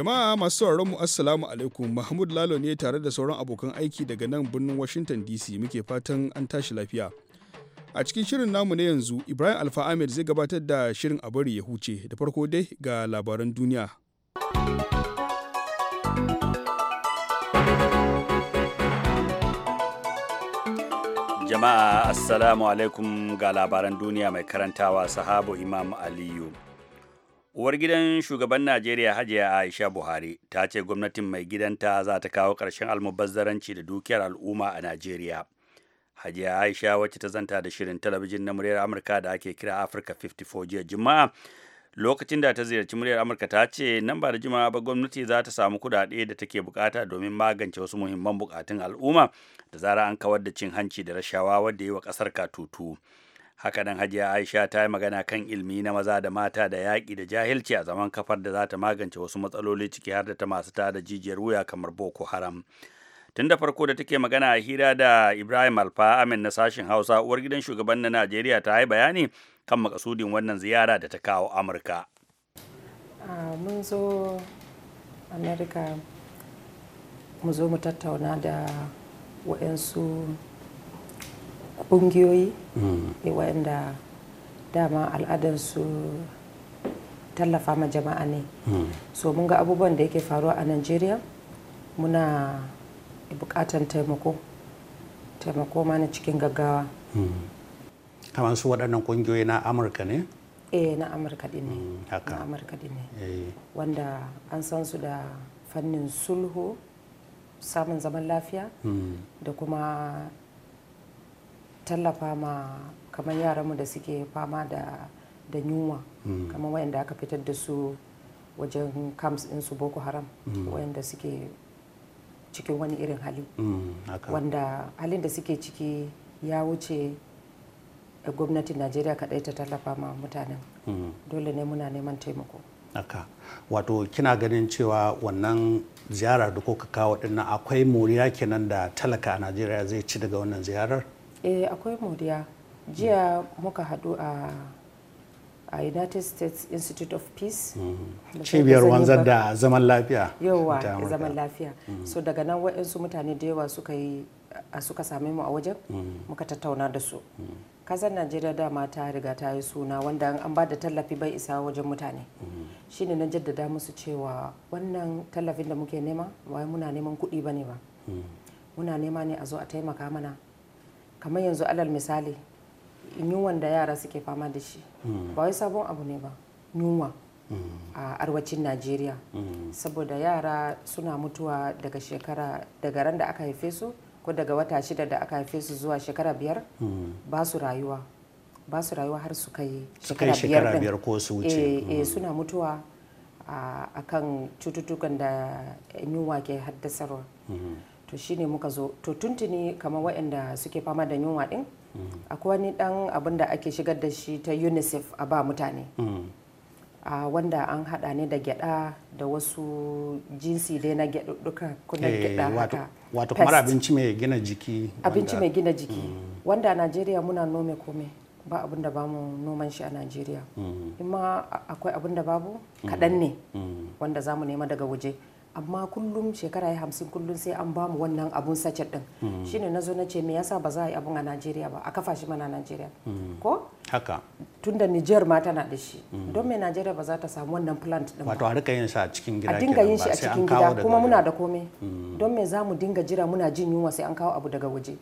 Jama'a masu sauraron mu Assalamu alaikum Mahmud Lalo ne tare da sauran abokan aiki daga nan birnin Washington DC muke fatan an tashi lafiya. A cikin shirin namu na yanzu Ibrahim Alfa Ahmed zai gabatar da shirin a bari ya huce da farko dai ga labaran duniya. Jama'a Assalamu alaikum ga labaran duniya mai karantawa sahabo Imam Aliyu. uwar gidan shugaban najeriya hajiya aisha buhari ta ce gwamnatin mai gidanta za ta kawo ƙarshen almubazzaranci da dukiyar al'umma a najeriya hajiya aisha wacce ta zanta da shirin talabijin na muryar amurka da ake kira afirka 54 jiya juma'a lokacin da ta ziyarci muryar amurka ta ce nan ba da jimawa ba gwamnati za ta samu kuɗaɗe da take bukata domin magance wasu muhimman bukatun al'umma da zara an kawar da cin hanci da rashawa wadda yi wa ƙasar katutu tutu hakanan hajiya aisha ta yi magana kan ilmi na maza da mata da yaƙi da jahilci a zaman kafar da za ta magance wasu matsaloli ciki har da ta masu tada jijiyar wuya kamar boko haram tun da farko da take magana a hira da ibrahim alfa amin na sashen hausa uwar gidan shugaban na najeriya ta yi bayani kan makasudin wannan ziyara da ta kawo amurka mun zo mu zo mu tattauna da waɗansu Kungiyoyi. ƙungiyoyi mm. eh, waɗanda dama al'adansu tallafa ma jama'a ne mm. so mun ga abubuwan da yake faruwa a najeriya muna bukatan taimako taimako ma na cikin gaggawa mm. kamar su waɗannan kungiyoyi na amurka ne eh na amurka din ne na amurka din ne eh. wanda an san su da fannin sulhu samun zaman lafiya da kuma tallafa ma kamar yaranmu da suke fama da yunwa hmm. kamar wayanda aka fitar da su wajen camps su boko haram hmm. wayanda suke cikin wani irin hali hmm, wanda halin da suke ciki ya wuce gwamnatin najeriya kadai ta tallafa ma mutanen dole ne muna neman taimako aka wato kina ganin cewa wannan ziyara da kuka kawo dinnan akwai moriya kenan da talaka a najeriya zai ci daga wannan ziyarar eh akwai moriya jiya muka hadu a a united states institute of peace mm-hmm. cibiyar wanzar da zaman lafiya yawa zaman lafiya mm-hmm. so daga nan waɗansu mutane da yawa suka yi suka same mu a wajen mm-hmm. muka tattauna da su kasar najeriya dama ta riga ta yi suna wanda an ba da tallafi bai isa wajen mutane shine na jaddada musu cewa wannan tallafin da muke nema wai muna neman kuɗi ba ne ba muna nema ne a zo a taimaka mana kamar yanzu alal misali yunwan da yara suke fama da shi hmm. ba wai sabon abu ne ba yunwa hmm. a arwacin najeriya hmm. saboda yara suna mutuwa daga shekara daga ran da aka haife su ko daga wata shida da aka haife su zuwa shekara biyar ba su rayuwa ba su rayuwa har su kai shekara biyar ko su wuce eh, eh, suna mutuwa a kan cututtukan da yunwa ke haddasarwa to shine muka zo to tuntuni kamar waɗanda suke fama da yunwa ɗin akwai wani ɗan abin da ake shigar da shi ta unicef a ba mutane mm. a wanda an hada ne da gyada da wasu jinsi dai na gyada duka kuna eh, gyada haka wato kamar abinci mai gina jiki abinci mai gina jiki mm. wanda a najeriya muna nome kome ba abin da bamu noman shi a najeriya mm. in ma akwai abin da babu kaɗan ne wanda zamu nema daga waje amma kullum shekara ya hamsin kullum sai an ba mu wannan abun sacet din mm. shine na zo na ce me yasa ba za a yi abun a najeriya ba a kafa shi mana najeriya mm. ko haka tunda niger ma tana da shi mm. don me najeriya ba za ta samu wannan plant din wato a rika yin shi a cikin gida a dinga yin shi a cikin gida kuma muna da komai don me za mu dinga jira muna jin yunwa sai an kawo abu daga waje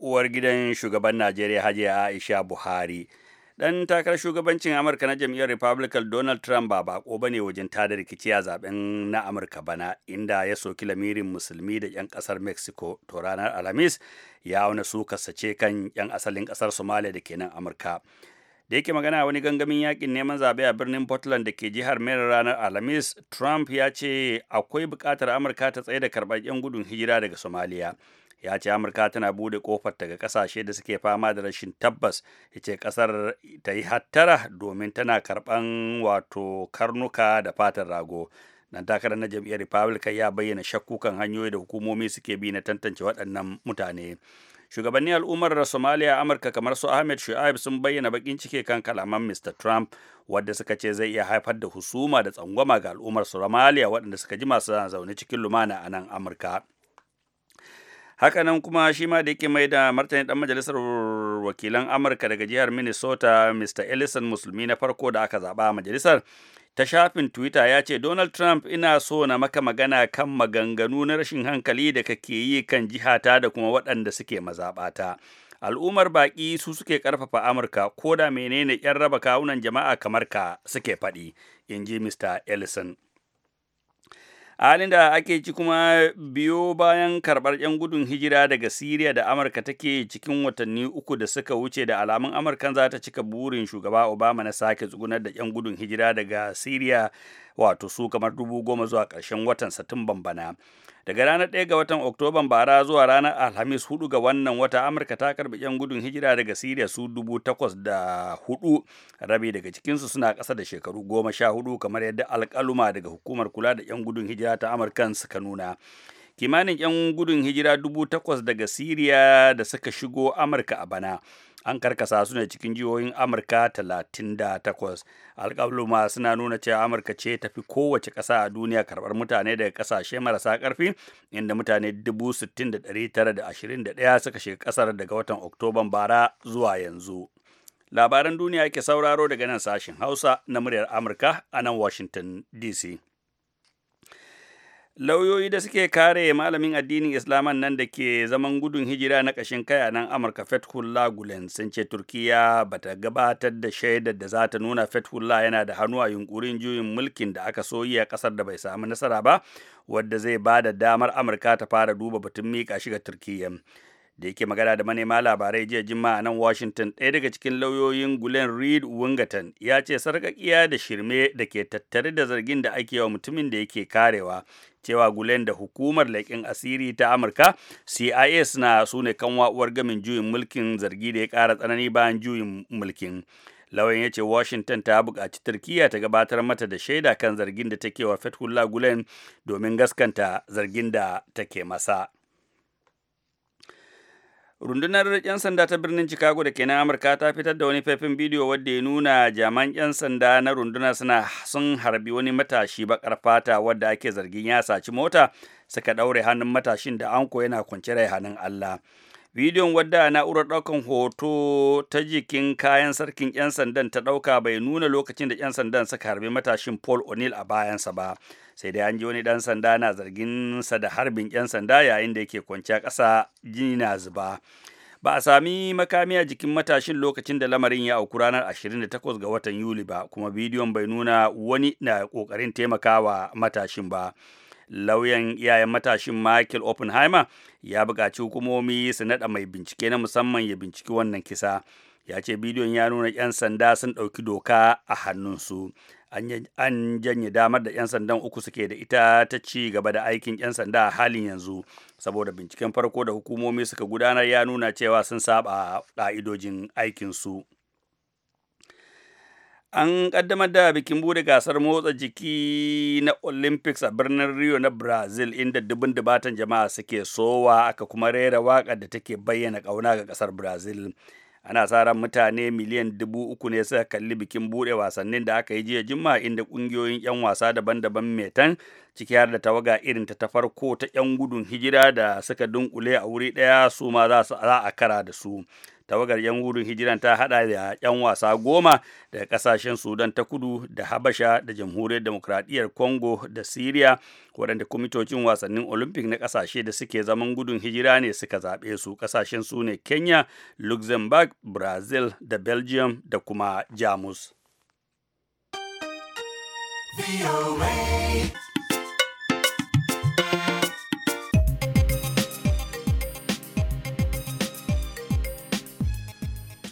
uwar gidan shugaban najeriya hajiya aisha buhari dan takarar shugabancin amurka na jam'iyyar republican donald trump ba bako ba ne wajen tada rikici a zaben na amurka bana inda ya soki lamirin musulmi da 'yan kasar mexico to ranar alhamis ya auna suka sace kan 'yan asalin kasar somalia da kenan amurka da yake magana wani gangamin yakin neman zaɓe a birnin portland da ke jihar mayar ranar alhamis trump ya ce akwai buƙatar amurka ta tsaye da karɓar 'yan gudun hijira daga somalia. ya ce amurka tana bude kofar ta ga kasashe da suke fama da rashin tabbas ya ce kasar ta yi hattara domin tana karban wato karnuka da fatar rago dan takarar na jam'iyyar republican ya bayyana shakku kan hanyoyi da hukumomi suke bi na tantance waɗannan mutane shugabannin al'ummar somaliya amurka kamar su ahmed shu'aib sun bayyana bakin cike kan kalaman mr trump wadda suka ce zai iya haifar da husuma da tsangwama ga al'ummar somaliya waɗanda suka ji masu zaune cikin lumana a nan amurka hakanan kuma shi ma da yake mai da martani dan majalisar wakilan amurka daga jihar minnesota mr ellison musulmi na farko da aka zaba a majalisar ta shafin twitter ya ce donald trump ina so na maka magana kan maganganu na rashin hankali da kake yi kan jihata da kuma waɗanda suke mazaɓata al'ummar baƙi su suke ƙarfafa amurka ko da menene 'yan raba kawunan jama'a kamar ka suke faɗi in ji mr ellison halin da ake ci kuma biyo bayan karɓar 'yan gudun hijira daga siriya da amurka take cikin watanni uku da suka wuce da alamun amurkan za ta cika burin shugaba obama na sake tsugunar da 'yan gudun hijira daga siriya wato su kamar dubu goma zuwa ƙarshen watan satumban bana daga ranar 1 ga watan oktoban bara zuwa ranar alhamis 4 ga wannan wata amurka ta karbi yan gudun hijira daga siriya su dubu takwas da hudu rabi daga cikinsu suna ƙasa da shekaru goma sha hudu kamar yadda alƙaluma daga hukumar kula da yan gudun hijira ta amurka suka nuna kimanin yan gudun hijira dubu takwas daga siriya da suka shigo amurka a bana an karkasa su ne cikin jihohin amurka 38 alkabluma suna nuna cewa amurka ce ta fi kowace ƙasa a duniya karɓar mutane daga ƙasashe marasa ƙarfi inda mutane 60,921 suka shiga ƙasar daga watan oktoban bara zuwa yanzu labaran duniya ke sauraro daga nan sashen hausa na muryar amurka a nan washington dc lauyoyi da suke kare malamin addinin islaman nan da ke zaman gudun hijira na kashin kai a nan amurka fethullah gulen sun ce turkiya ba ta gabatar da shaidar da za ta nuna fethullah yana da hannu a yunkurin juyin mulkin da aka so yi a kasar da bai samu nasara ba wadda zai ba da damar amurka ta fara duba batun miƙa shi ga turkiyya da yake magana da manema labarai jiya Juma a nan washington ɗaya daga cikin lauyoyin gulen reed Wungatan ya ce sarƙaƙiya da shirme da ke tattare da zargin da ake wa mutumin da yake karewa cewa gulen da hukumar leƙin asiri ta amurka cia suna su ne kan wa'uwar gamin juyin mulkin zargi da ya ƙara tsanani bayan juyin mulkin lauyan ya ce washington ta buƙaci turkiya ta gabatar mata da shaida kan zargin da take wa fethullah gulen domin gaskanta zargin da take masa rundunar 'yan sanda ta birnin chicago da ke amurka ta fitar da wani faifin bidiyo wadda ya nuna jaman 'yan sanda na runduna suna sun harbi wani matashi bakar fata wadda ake zargin ya saci mota suka ɗaure hannun matashin da anko yana kwance rai hannun allah bidiyon wadda na'urar ɗaukan hoto ta jikin kayan sarkin 'yan sandan ta ɗauka bai nuna lokacin da 'yan sandan suka harbi matashin paul o'neill a bayansa ba sai da an ji wani dan sanda na zargin sa da harbin yan sanda yayin da yake a ƙasa jini na zuba ba a sami makami a jikin matashin lokacin da lamarin ya auku ranar 28 ga watan yuli ba kuma bidiyon bai nuna wani na kokarin taimakawa matashin ba lauyan iyayen matashin michael oppenheimer ya buƙaci hukumomi su naɗa mai bincike na musamman ya binciki wannan kisa ya ce bidiyon ya nuna 'yan sanda sun ɗauki doka a hannunsu an janye damar da 'yan sandan uku suke da ita ta ci gaba da aikin 'yan sanda a halin yanzu saboda binciken farko da hukumomi suka gudanar ya nuna cewa sun saba ƙa'idojin aikinsu an kaddamar da bikin bude gasar motsa jiki na olympics a birnin rio na brazil inda dubin dubatan jama'a suke sowa aka kuma rera waƙar da take bayyana ƙauna ga ƙasar brazil ana sa ran mutane miliyan dubu uku ne suka kalli bikin bude wasannin da aka yi jiya juma'a inda kungiyoyin 'yan wasa daban-daban metan ciki har da tawaga irin ta ta farko ta 'yan gudun hijira da suka dunkule a wuri ɗaya su ma za a kara da su tawagar 'yan gudun hijiran ta haɗa da 'yan wasa goma daga ƙasashen sudan ta kudu da habasha da jamhuriyar demokradiyyar congo da syria waɗanda kwamitocin wasannin olympic na ƙasashe da suke zaman gudun hijira ne suka zaɓe su Ƙasashen su ne kenya luxembourg brazil da belgium da kuma jamus.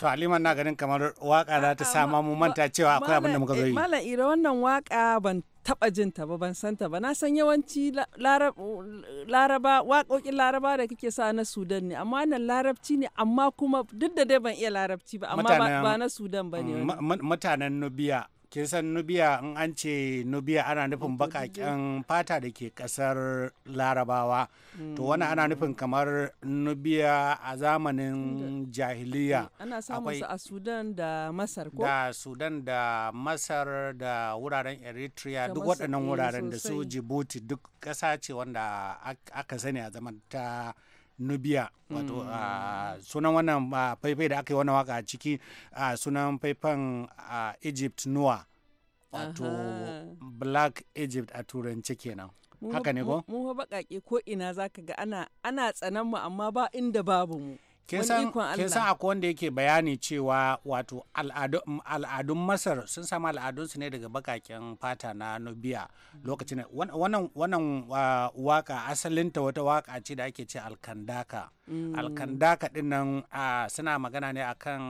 to aliman na ganin kamar waka za ta sama mu manta cewa akwai abin da muka zo yi eh, malam ira wannan waka ban taba jin ta ba ban san ta ba na san yawanci laraba waƙoƙin laraba da kake sa na sudan ne amma nan larabci ne amma kuma duk da dai ban iya larabci ba amma ba na sudan ba ne mutanen nubiya kin san nubiya in an ce nubiya ana nufin bakaken fata da ke kasar larabawa mm. to wani ana nufin kamar nubiya a zamanin jahiliya eh, ana samun su a sudan da masar ko da sudan da masar da wuraren eritrea duk waɗannan eh, wuraren da su jibuti duk ƙasa ce wanda aka sani a zaman ta nubiya wato hmm. ah, sunan wannan ah, faifai da aka yi wani waka a ciki ah, sunan faifan egypt noah wato black egypt a turance kenan haka ne ko? mu baƙaƙe ko ina zaka ga ana tsanan mu amma ba inda babu mu kin san akwai wanda yake bayani cewa wato al'adun masar sun samu al'adunsu ne daga bakaken fata na nubiya lokacin wannan waka ah, asalinta wata waka ce da ake ce alkandaka mm. alkandaka ɗinnan ah, suna magana ne akan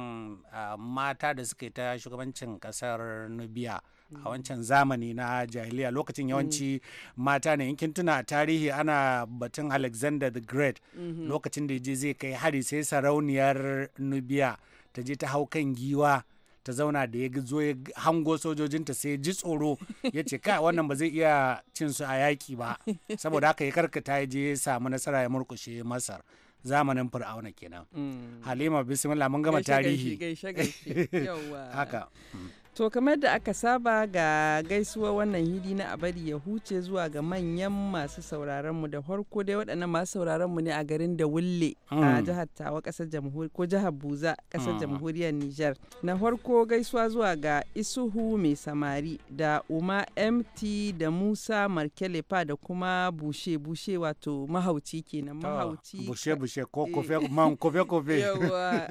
ah, mata da suke ta shugabancin kasar nubiya a wancan zamani na jahiliya lokacin yawanci mata ne yankin tuna a tarihi ana batun alexander the great mhm. lokacin da je zai kai hari sai sarauniyar nubiya ta je ta hau kan giwa ta zauna da ya zo ya hango sojojinta sai ji tsoro ya ce kai wannan ba zai iya cin su a yaƙi ba saboda haka ya karkata ya je ya samu nasara ya murkushe masar zamanin fir'auna kenan mm. halima bismillah mun gama tarihi haka mm. To kamar da aka saba ga gaisuwa wannan hidi na abari ya huce zuwa ga manyan masu sauraron mu da farko dai waɗannan masu sauraron mu ne a garin da wulle a mm. jihar Tawa kasar jamhuriyar ko jihar Buza kasar mm. jamhuriyar Nijar. Na farko gaisuwa zuwa ga Isuhu mai samari da Uma MT da Musa Markelefa da kuma Bushe Bushe wato mahauci kenan mahauci. Bushe Bushe ko eh. kofe man kofe kofe. Yawa.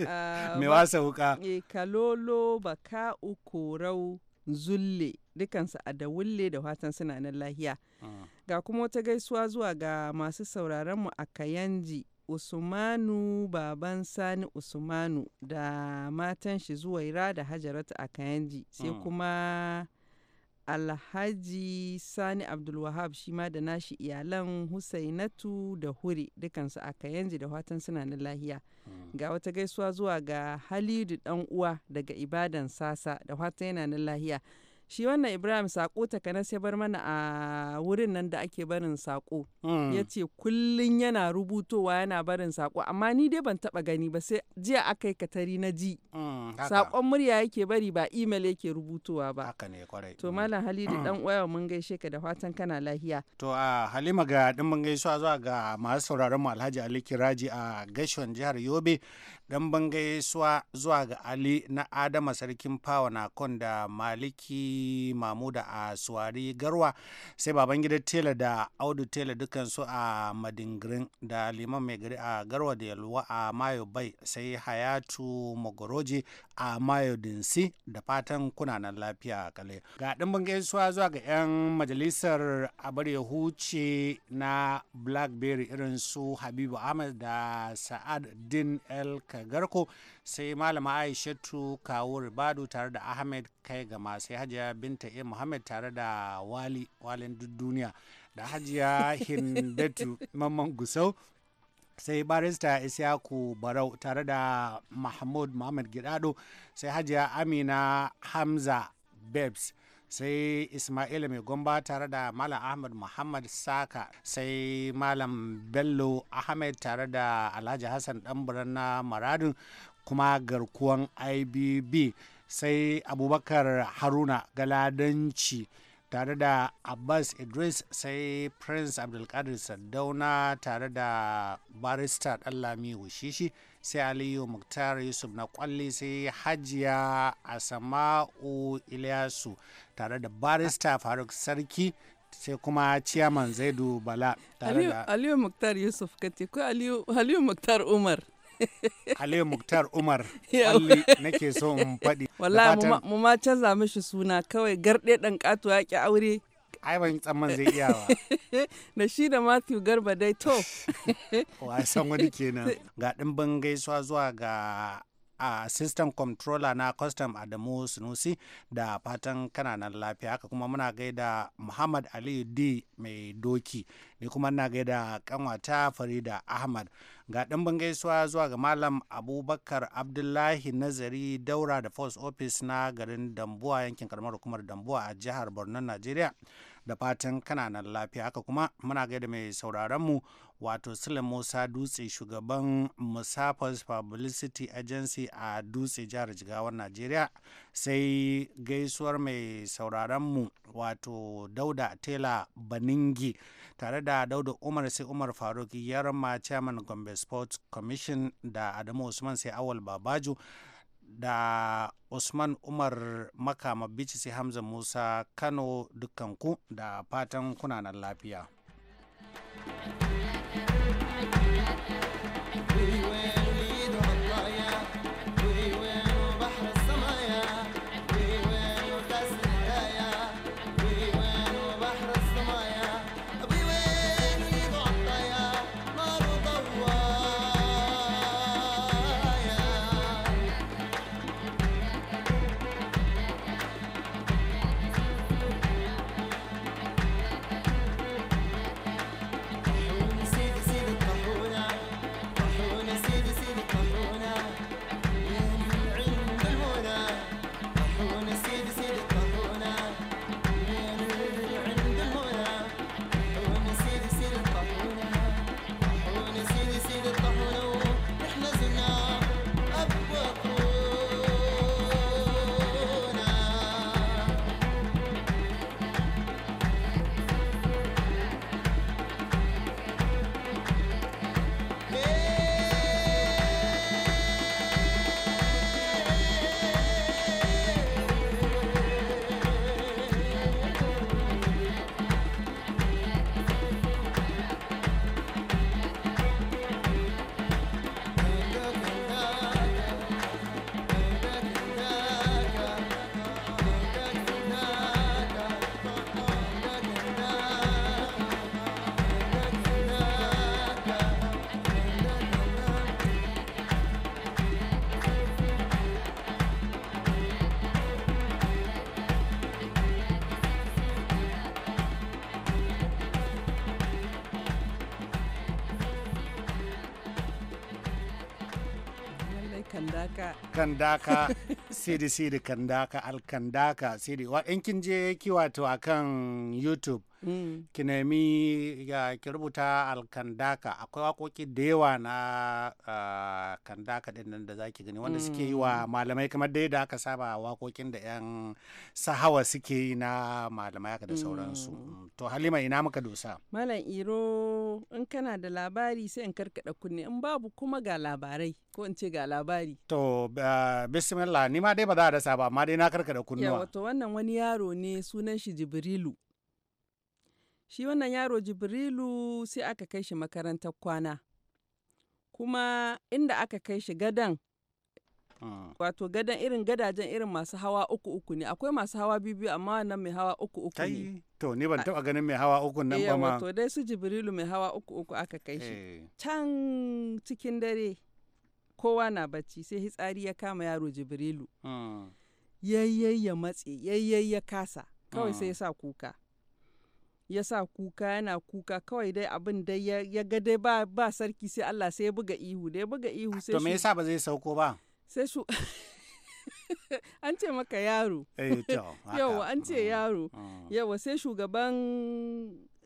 Me ah, wasa wuka. Eh, Kalolo baka uku Barau Zulle dukansu a da wulle da watan suna nan lahiya. Ah. Ga kuma wata gaisuwa zuwa ga masu sauraron mu a Kayanji Usmanu baban Sani Usmanu da matan shi Zuwaira da Hajaratu a Kayanji sai mm. kuma alhaji sani abdulwahab shi ma da nashi iyalan husainatu da huri dukansu a kayanji da watan suna na lahiya mm. ga wata gaisuwa zuwa ga halidu dan uwa daga ibadan sasa da watan yana na lahiya shi wannan ibrahim sako takanas ya bar mana a wurin nan da ake barin sako hmm. ya ce kullum yana rubutowa yana barin sako amma ni dai ban taba gani ba sai jiya aka yi katari na ji hmm, sakon murya yake bari ba email yake rubutowa ba haka ne to hmm. malam halidu dan uwa mun gaishe ka da fatan kana lahiya to a halima ga din mun gaisuwa zuwa ga masu sauraron mu alhaji ali kiraji a gashon jihar yobe ɗan gaisuwa zuwa ga Ali na Adama Sarkin Fawa na kon da Maliki Mamuda a Suwari Garwa sai Babangida Tela da Audu Tela su a Madingirin da Liman Mai Gari a Garwa da Yalwa a Mayo Bai sai Hayatu Mogoroji a Mayo Dinsi da fatan kunanan lafiya kale. Ga ɗimbin gaisuwa zuwa ga 'yan majalisar abar huce na Blackberry irin su Habibu ahmed da Sa'ad Din El abubakar garko sai malama aishatu kawo ribadu tare da ahmed kai gama sai hajiya binta a muhammad tare da wali walin duniya da hajiya hindatu mamman gusau sai barista isyaku barau tare da mahmud muhammad gidado sai hajiya amina hamza babes sai ismail mai gomba tare da malam ahmad muhammad saka sai malam bello ahmed tare da alhaji hassan ɗanburan na maradin kuma garkuwan ibb sai abubakar haruna galadanci tare da abbas idris sai prince abdulkadir sadauna tare da barista ɗanlami wushishi sai aliyu muktar yusuf na kwalli sai hajiya asama'u ilyasu tare da barista faruk sarki sai kuma ciyaman zaidu bala tare da aliyu muktar yusuf kati ko aliyu muktar umar aliyu muktar umar alli nake so in faɗi wallahi mu ma canza mishi suna kawai garɗe ɗan ƙato ya ƙi aure ai ban tsamman zai iya ba da shi da matthew garba dai to wasan wani kenan ga ɗimbin gaisuwa zuwa ga a assistant controller na custom adamu sunusi da fatan kananan lafiya haka kuma muna gaida muhammad ali d mai doki ni kuma na gaida kanwata farida ahmad ga ɗimbin gaisuwa zuwa ga malam abubakar abdullahi nazari daura da post office na garin dambuwa yankin karamar hukumar dambuwa a jihar borno najeriya da fatan kananan lafiya haka kuma muna gaida mai sauraronmu wato Sule Musa Dutse shugaban Musafas Publicity Agency a Dutse jihar Jigawar nigeria sai gaisuwar mai sauraronmu wato Dauda Tela Baningi tare da Dauda Umar sai Umar Faruk Yarma Chairman Gombe Sports Commission da Adamu Usman sai Awal babaju da Usman Umar Makama Bici sai Hamza Musa Kano dukkanku da fatan kunanan lafiya. thank you kandaka kandaka sidi sidi kandaka alkandaka sidi wa yankin kin je ki akan youtube Mm. ki nemi ki rubuta alkandaka akwai wakoki da yawa na ah, kandaka din nan da zaki gani wanda suke yi wa mm. malamai kamar dai da aka saba wakokin da yan sahawa suke yi na malamai haka da sauransu mm. to halima ina muka dosa malam iro in kana da labari sai in karkada kunne in babu kuma ga labarai ko in ce ga labari to bismillah ni ma dai ba za a dasa ba amma dai na karkada kunnuwa to wannan wani yaro ne sunan shi jibrilu shi wannan yaro jibrilu sai aka kai shi makarantar kwana kuma inda aka kai shi gadan ah. wato gadan irin gadajen irin masu hawa uku uku ne akwai masu hawa biyu amma wannan mai hawa uku uku ne to ni ban taba ganin mai hawa uku nan ba ma to dai su jibrilu mai hawa uku uku aka kai shi eh. can cikin dare kowa na bacci sai hitsari ya kama yaro jibrilu ah. Yayyayya ya matse yayyai ya kasa kawai sai ya ah. sa kuka ya sa kuka yana kuka kawai dai abin dai ya ga dai ba, ba sarki sai Allah sai ya buga ihu da ya buga ihu sai to me yasa ba zai sauko ba sai shu an ce maka yaro eh yawa an ce mm, yaro mm. yawa sai shugaban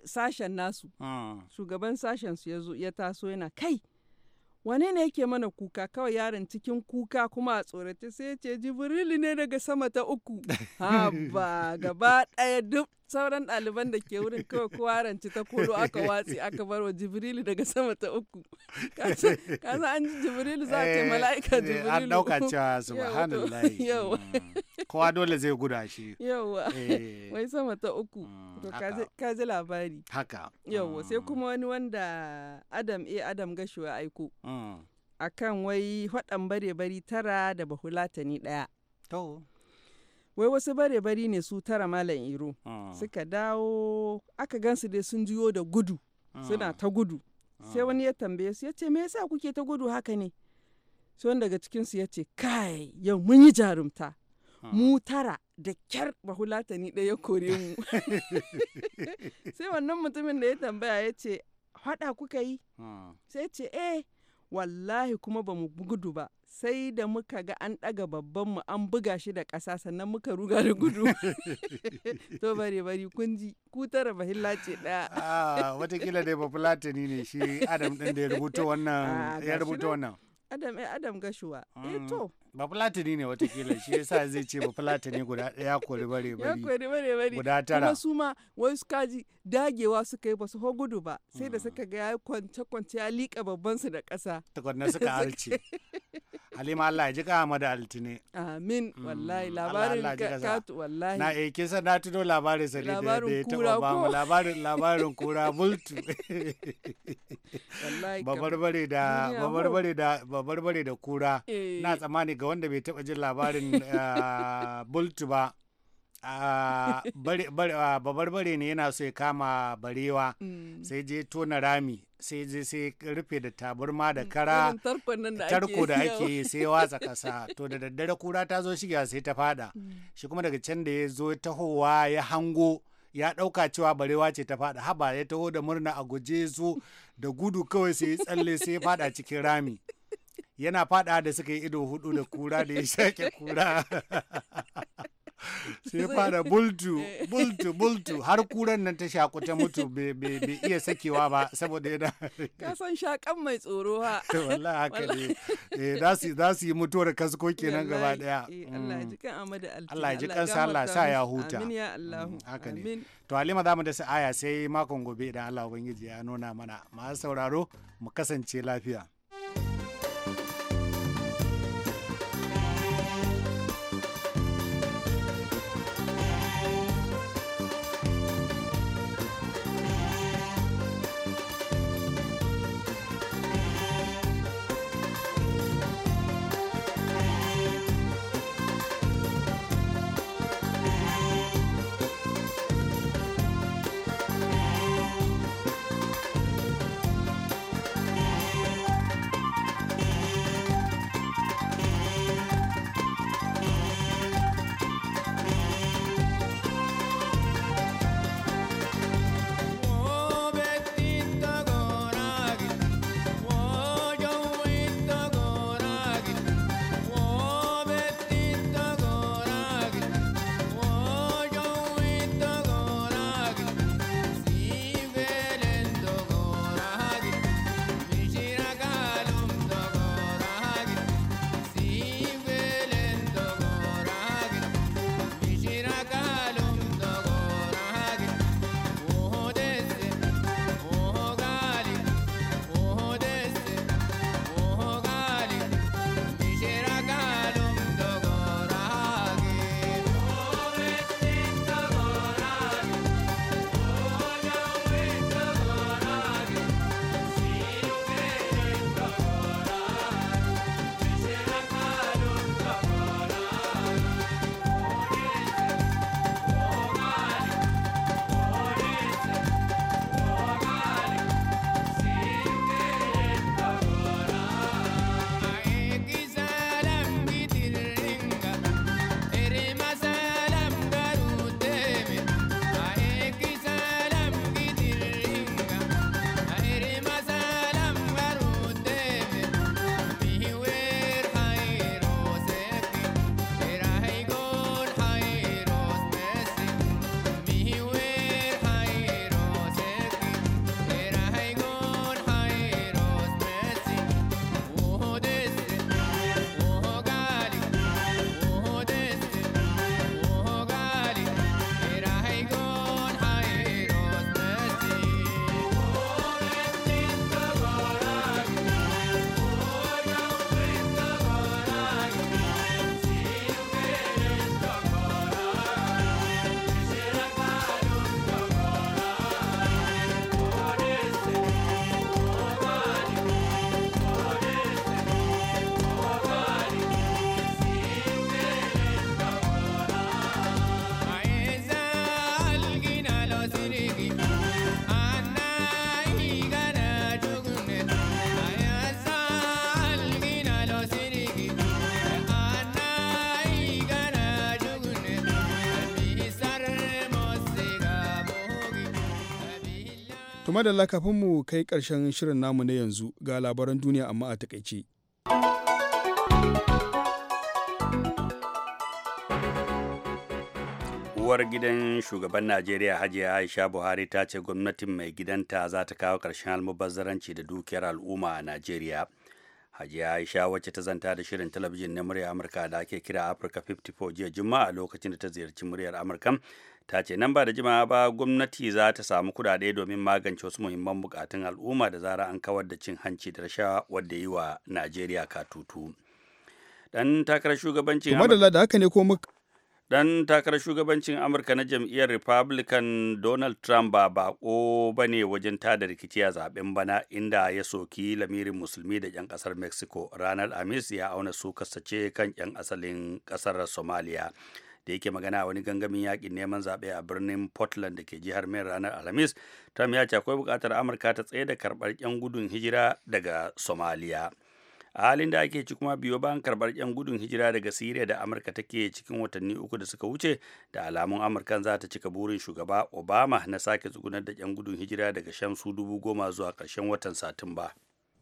sashen nasu mm. shugaban sashen su ya taso yana kai wane ne yake mana kuka kawai yaron cikin kuka kuma a tsorata sai ce jibrilu ne daga sama ta uku haba gaba ɗaya duk sauran ɗaliban da ke wurin kawai kowa ranci ta kolo aka watsi aka barwa jibrilu daga sama ta uku kasa an ji jibrilu za a ce eh, mala'ika eh, jibrilu an ɗauka cewa subhanallah mm. kowa dole zai guda shi yauwa eh. wai sama ta uku mm, to ka ji labari haka yauwa sai mm. kuma wani wanda adam a eh, adam a aiko mm. a kan wai faɗan bare bari tara da bahulatani ɗaya to wai wasu bare bari ne su tara malam iro suka dawo aka gansu dai sun juyo da gudu suna ta gudu sai wani ya tambaye su ya ce me yasa kuke ta gudu haka ne sai wani daga cikinsu ya ce kai yau mun yi jarumta mu tara da kyar bahulatani ɗaya ya kore mu sai wannan mutumin da ya tambaya ya ce haɗa kuka yi sai ce eh wallahi kuma ba mu gudu ba sai da muka ga an ɗaga babban mu an buga shi da ƙasa sannan muka ruga da gudu to bare bari kun ji ku tara hilla ce ɗaya ah watakila dai ba fulatani ne shi adam ɗin da ya rubuta wannan ah, ya rubuta wannan adam eh adam gashuwa eh mm. to ba fulatani ne watakila shi yasa zai ce ba fulatani guda ya kori bare ya kori bare bari guda tara kuma su ma wai su kaji dagewa suka yi ba su gudu ba sai da mm. suka ga ya kwance kwance ya liƙa babban su da ƙasa tukunna suka arce halima Allah ya ji ka mada altine amin mm. wallahi labarin tu wallahi na eh kisa na tuno labarin sa da ya taɓa ba mu labarin labarin kura bultu wallahi babarbare da babarbare da babarbare da kura na eh. tsammani ga wanda bai taba jin labarin ah, bultu ba ah, ah, babarbare ne yana so ya kama barewa mm. sai je tona rami sai je sai rufe da taburma da mm, kara tarko da ake sai watsa kasa to da daddare kura ta zo shiga sai ta fada mm. shi kuma daga can da ya zo tahowa ya hango ya ɗauka cewa barewa ce ta faɗa haba ya taho da murna a guje zo da gudu kawai sai ya tsalle sai ya faɗa cikin rami yana fada da suka yi ido hudu da kura da ya shake kura sai fada bultu eh. bultu bultu har kuran nan ta shaku ta mutu bai iya sakewa ba saboda yana ka san shakan mai tsoro ha wallahi haka ne eh su yi mutuwar kasko kenan gaba daya eh, Allah ya mm. ji kan Amadu Altun Allah ya ji kan Allah sa ya huta amin ya mm, Allah haka ne to Halima za mu da aya sai makon gobe idan Allah ubangiji ya nuna mana masu sauraro mu kasance lafiya kuma da kafin mu kai karshen shirin namu na yanzu ga labaran duniya amma a takaice. uwar gidan shugaban najeriya hajiya aisha buhari ta ce gwamnatin mai gidanta za ta kawo ƙarshen almubazzaranci da dukiyar al'umma a najeriya hajiya aisha wacce ta zanta da shirin talabijin na murya amurka da ake kira afirka 54 jiya juma'a lokacin da ta ziyarci muryar amurka ta ce nan ba da jimawa ba gwamnati za ta samu kudade domin magance wasu muhimman bukatun al'umma da zara an kawar da cin hanci da rasha wadda yi wa najeriya katutu dan takarar shugabancin madalla da haka ne ko muka dan takarar shugabancin amurka na jam'iyyar republican donald trump ba bako ba ne wajen tada rikici a zaben bana inda ya soki lamirin musulmi da 'yan kasar mexico ranar amis ya auna su kasace kan 'yan asalin kasar somalia da yake magana a wani gangamin yakin neman zaɓe a birnin portland da ke jihar maine ranar alhamis trump ya ce akwai buƙatar amurka ta tsaye da karɓar 'yan gudun hijira daga somalia a halin da ake ci kuma biyo bayan karɓar 'yan gudun hijira daga siriya da amurka take cikin watanni uku da suka wuce da alamun amurkan za ta cika burin shugaba obama na sake tsugunar da 'yan gudun hijira daga shamsu dubu goma zuwa ƙarshen watan satumba.